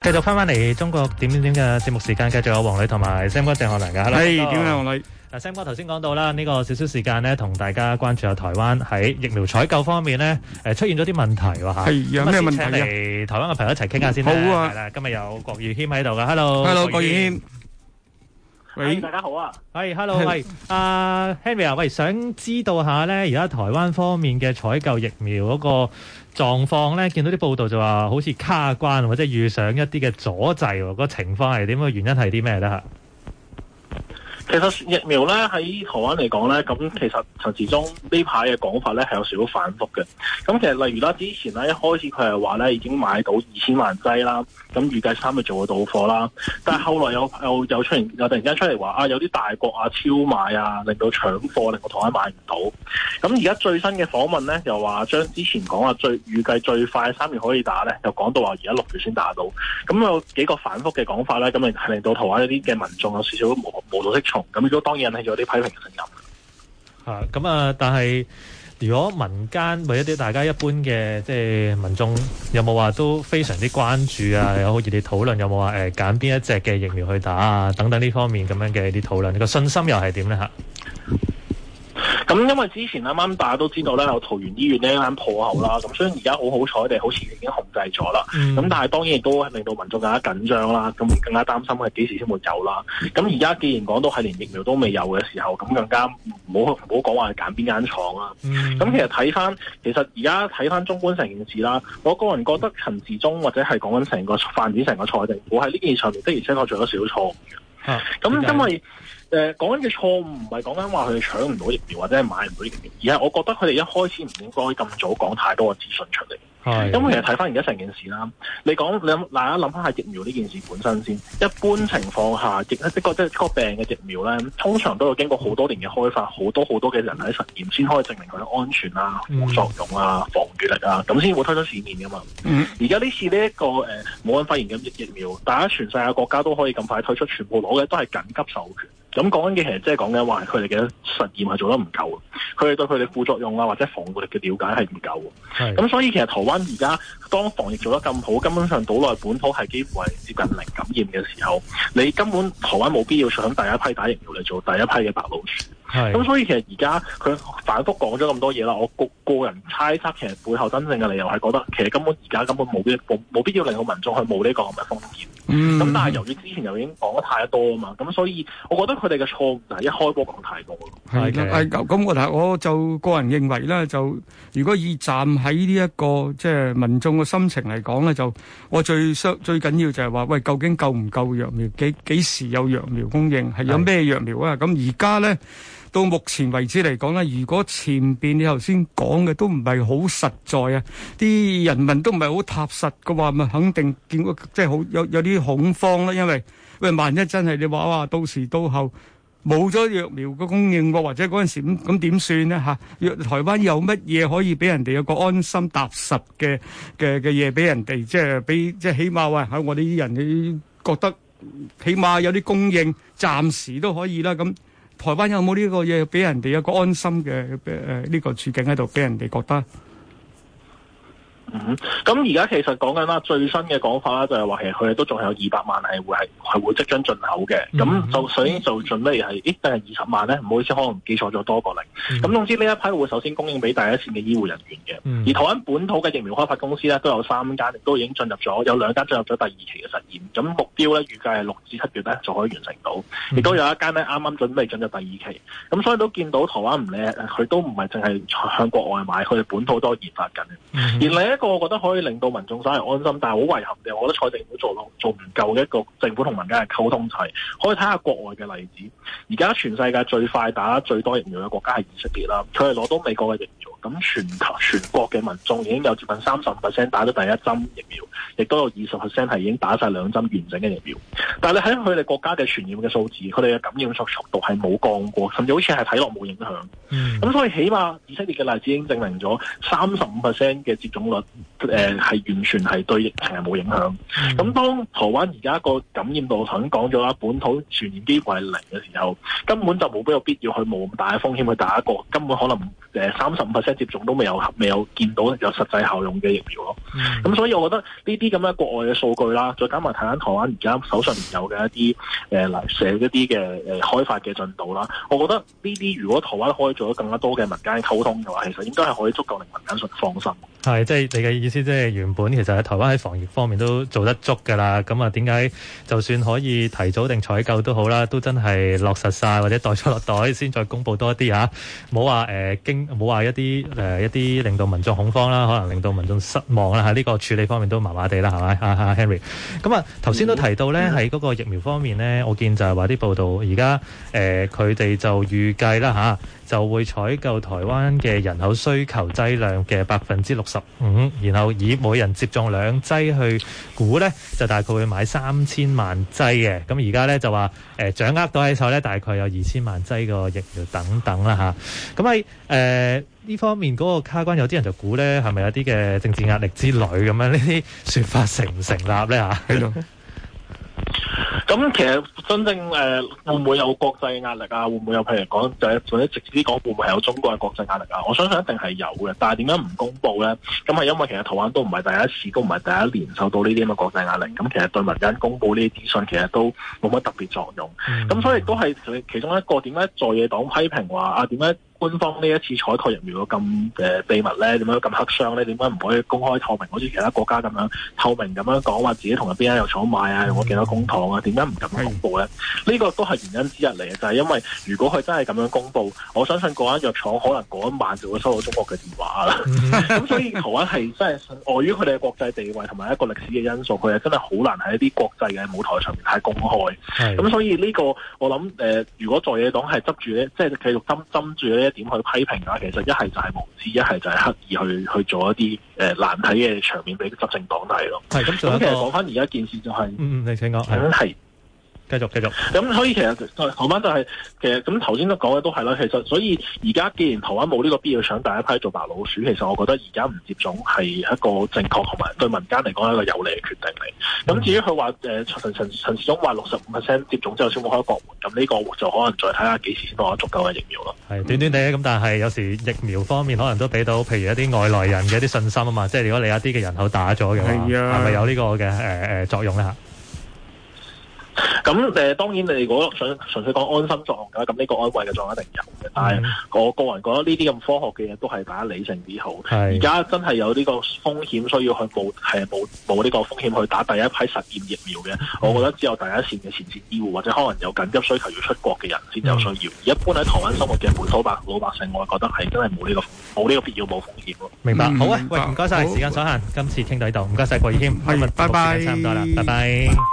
。繼續翻翻嚟中國點點點嘅節目時間，繼續有黃磊同埋 hey, Sam 喂，大家好啊、hey！係，Hello，喂，阿 Henry 啊，喂，想知道下咧，而家台灣方面嘅採購疫苗嗰個狀況咧，見到啲報道就話好似卡關，或者遇上一啲嘅阻滯喎，個情況係點？個原因係啲咩咧？嚇？其實疫苗咧，喺台灣嚟講咧，咁其實陳時中呢排嘅講法咧係有少少反覆嘅。咁其實例如啦，之前咧一開始佢係話咧已經買到二千萬劑啦，咁預計三月做到貨啦。但係後來有有有出嚟又突然間出嚟話啊，有啲大國啊超買啊，令到搶貨，令到台灣買唔到。咁而家最新嘅訪問咧又話將之前講話最預計最快三月可以打咧，又講到話而家六月先打到。咁有幾個反覆嘅講法咧，咁令令到台灣一啲嘅民眾有少少模模模糊咁如果當然係有啲批評聲音。嚇，咁啊，但係如果民間為一啲大家一般嘅即係民眾，有冇話都非常啲關注啊？有好似啲討論，有冇話誒揀邊一隻嘅疫苗去打啊？等等呢方面咁樣嘅啲討論，個信心又係點咧嚇咁因為之前啱啱大家都知道咧，有桃園醫院呢間破口啦，咁雖然而家好好彩，哋好似已經控制咗啦。咁、嗯、但係當然亦都令到民眾更加緊張啦，咁更加擔心係幾時先會有啦。咁而家既然講到係連疫苗都未有嘅時候，咁更加唔好唔好講話揀邊間廠啦。咁其實睇翻，其實而家睇翻中觀成件事啦，我個人覺得陳時中或者係講緊成個犯展成個財地，我喺呢件事上面的而且確做咗少錯咁、啊、因為誒講緊嘅錯誤唔係講緊話佢哋搶唔到疫苗或者係買唔到疫苗，而係我覺得佢哋一開始唔應該咁早講太多嘅資訊出嚟。係，咁其實睇翻而家成件事啦。你講你諗，大家諗翻下疫苗呢件事本身先。一般情況下，疫即個即個病嘅疫苗咧，通常都要經過好多年嘅開發，好多好多嘅人體實驗，先可以證明佢嘅安全啊、副作用啊、防禦力啊，咁先會推出市面噶嘛。而家呢次呢、這、一個誒武漢肺炎嘅疫疫苗，大家全世界國家都可以咁快推出，全部攞嘅都係緊急授權。咁講緊嘅其實即係講緊話，佢哋嘅實驗係做得唔夠，佢哋對佢哋副作用啊或者防護力嘅了解係唔夠。咁、嗯、所以其實台灣而家當防疫做得咁好，根本上島內本土係幾乎係接近零感染嘅時候，你根本台灣冇必要想第一批打疫苗嚟做第一批嘅白老鼠。咁、嗯、所以其實而家佢反覆講咗咁多嘢啦，我個人猜測其實背後真正嘅理由係覺得其實根本而家根本冇必冇必要令到民眾去冒呢個咁嘅風險。嗯，咁但係由於之前又已經講得太多啊嘛，咁所以我覺得佢哋嘅錯誤就係一開波講太多咯。係嘅，咁我但係我就個人認為咧，就如果以站喺呢一個即係民眾嘅心情嚟講咧，就我最相最緊要就係話，喂，究竟夠唔夠疫苗？幾幾時有疫苗供應？係有咩疫苗啊？咁而家咧。到目前為止嚟講咧，如果前面你頭先講嘅都唔係好實在啊，啲人民都唔係好踏實嘅話，咪肯定見過即係好有有啲恐慌啦。因為喂，萬一真係你話哇，到時到後冇咗疫苗嘅供應喎，或者嗰陣時咁點點算呢？嚇、啊？台灣有乜嘢可以俾人哋有個安心踏實嘅嘅嘅嘢俾人哋？即係俾即係起碼話喺我哋啲人，你覺得起碼有啲供應，暫時都可以啦咁。嗯台灣有冇呢個嘢俾人哋一個安心嘅、誒呢個處境喺度，俾人哋覺得？咁而家其實講緊啦，最新嘅講法啦，就係話其實佢哋都仲係有二百萬係會係係會即將進口嘅，咁、嗯、就首先就準備係，咦，定係二十萬咧？唔好意思，可能記錯咗多個零。咁、嗯、總之呢一批會首先供應俾第一線嘅醫護人員嘅、嗯。而台灣本土嘅疫苗開發公司咧，都有三間，都已經進入咗，有兩間進入咗第二期嘅實驗。咁目標咧預計係六至七月咧就可以完成到，亦、嗯、都有一間咧啱啱準備進入第二期。咁所以都見到台灣唔叻，佢都唔係淨係向國外買，佢哋本土都研發緊、嗯。而另一呢個我覺得可以令到民眾稍為安心，但係好遺憾嘅，我覺得蔡政府做落做唔夠嘅一個政府同民間嘅溝通就係。可以睇下國外嘅例子，而家全世界最快打最多疫苗嘅國家係以色列啦，佢係攞到美國嘅疫苗。咁全球全國嘅民眾已經有接近三十五 percent 打咗第一針疫苗，亦都有二十 percent 係已經打晒兩針完整嘅疫苗。但係你喺佢哋國家嘅傳染嘅數字，佢哋嘅感染速速度係冇降過，甚至好似係睇落冇影響。咁、mm. 嗯、所以起碼以色列嘅例子已經證明咗，三十五 percent 嘅接種率，誒、呃、係完全係對疫情係冇影響。咁、mm. 嗯、當台灣而家個感染度頭先講咗啦，本土傳染機會係零嘅時候，根本就冇必要必要去冒咁大嘅風險去打一個，根本可能誒三十五 percent 接種都未有未有見到有實際效用嘅疫苗咯。咁、mm. 嗯、所以我覺得呢啲咁樣的國外嘅數據啦，再加埋睇緊台灣而家手上。有嘅一啲誒，嚟、呃、寫一啲嘅誒開發嘅進度啦。我覺得呢啲如果台灣開咗更加多嘅民間溝通嘅話，其實應該係可以足夠令民間信放心。係，即係你嘅意思，即係原本其實喺台灣喺防疫方面都做得足㗎啦。咁啊，點解就算可以提早定採購都好啦，都真係落實晒，或者袋咗落袋先再公布多一啲啊？冇話誒經冇話一啲誒、呃、一啲令到民眾恐慌啦，可能令到民眾失望啦。喺、啊、呢、呢個處理方面都麻麻地啦，係咪 啊？Henry，咁啊頭先都提到呢，喺嗰個疫苗方面呢，我見就係話啲報道而家誒佢哋就預計啦就會採購台灣嘅人口需求劑量嘅百分之六十五，然後以每人接種兩劑去估，呢就大概會買三千萬劑嘅。咁而家呢，就話誒掌握到喺手呢，大概有二千萬劑個疫苗等等啦吓。咁喺誒呢方面嗰個卡關，有啲人就估呢，係咪有啲嘅政治壓力之類咁樣？呢啲說法成唔成立呢？嚇？ 咁其實真正誒、呃、會唔會有國際壓力啊？會唔會有譬如講，或者直接啲講，會唔會係有中國嘅國際壓力啊？我相信一定係有嘅，但係點解唔公佈咧？咁係因為其實台灣都唔係第一次，都唔係第一年受到呢啲咁嘅國際壓力。咁其實對民間公佈呢啲資訊，其實都冇乜特別作用。咁、嗯、所以都係其中一個點解在野黨批評話啊點解？官方呢一次採購疫苗如果咁誒秘密呢，點解咁黑箱呢？點解唔可以公開透明？好似其他國家咁樣透明咁樣講話自己同邊間藥廠買啊，用咗幾多公帑啊？點解唔敢公布呢？呢、這個都係原因之一嚟嘅，就係、是、因為如果佢真係咁樣公布，我相信嗰間藥廠可能嗰晚就會收到中國嘅電話啦。咁、嗯嗯、 所以台灣係真係礙於佢哋嘅國際地位同埋一個歷史嘅因素，佢係真係好難喺一啲國際嘅舞台上面太公開。咁所以呢、這個我諗誒、呃，如果在野黨係執住即係繼續針針住點去批評啊？其實一係就係無知，一係就係刻意去去做一啲誒、呃、難睇嘅場面俾執政黨睇咯。係咁，咁其實講翻而家件事就係、是、嗯你請講。係。繼續繼續，咁、嗯、所以其實台灣就係其實咁頭先都講嘅都係啦。其實所以而家既然台灣冇呢個必要搶第一批做白老鼠，其實我覺得而家唔接種係一個正確同埋對民間嚟講係一個有利嘅決定嚟。咁、嗯嗯、至於佢話誒陳陳陳時中話六十五 percent 接種之後先會開國門，咁呢個就可能再睇下幾時先到有足夠嘅疫苗咯。係、嗯、短短哋咁，但係有時疫苗方面可能都俾到，譬如一啲外來人嘅一啲信心啊嘛。 即係如果你有一啲嘅人口打咗嘅，係、啊、咪有呢個嘅誒、呃、作用咧嚇？咁、嗯、誒，當然你如果想純粹講安心作用嘅，咁呢個安慰嘅作用一定有嘅、嗯。但係我個人覺得呢啲咁科學嘅嘢都係大家理性啲好。而家真係有呢個風險需要去冇係冇冇呢個風險去打第一批實驗疫苗嘅、嗯，我覺得只有第一線嘅前線醫護或者可能有緊急需求要出國嘅人先有需要。嗯、而一般喺台灣生活嘅本土白老百姓，我覺得係真係冇呢個冇呢個必要冇風險咯。明白。好啊，喂，唔該晒時間所限，今次傾到呢度，唔該晒郭豫謙，拜拜。差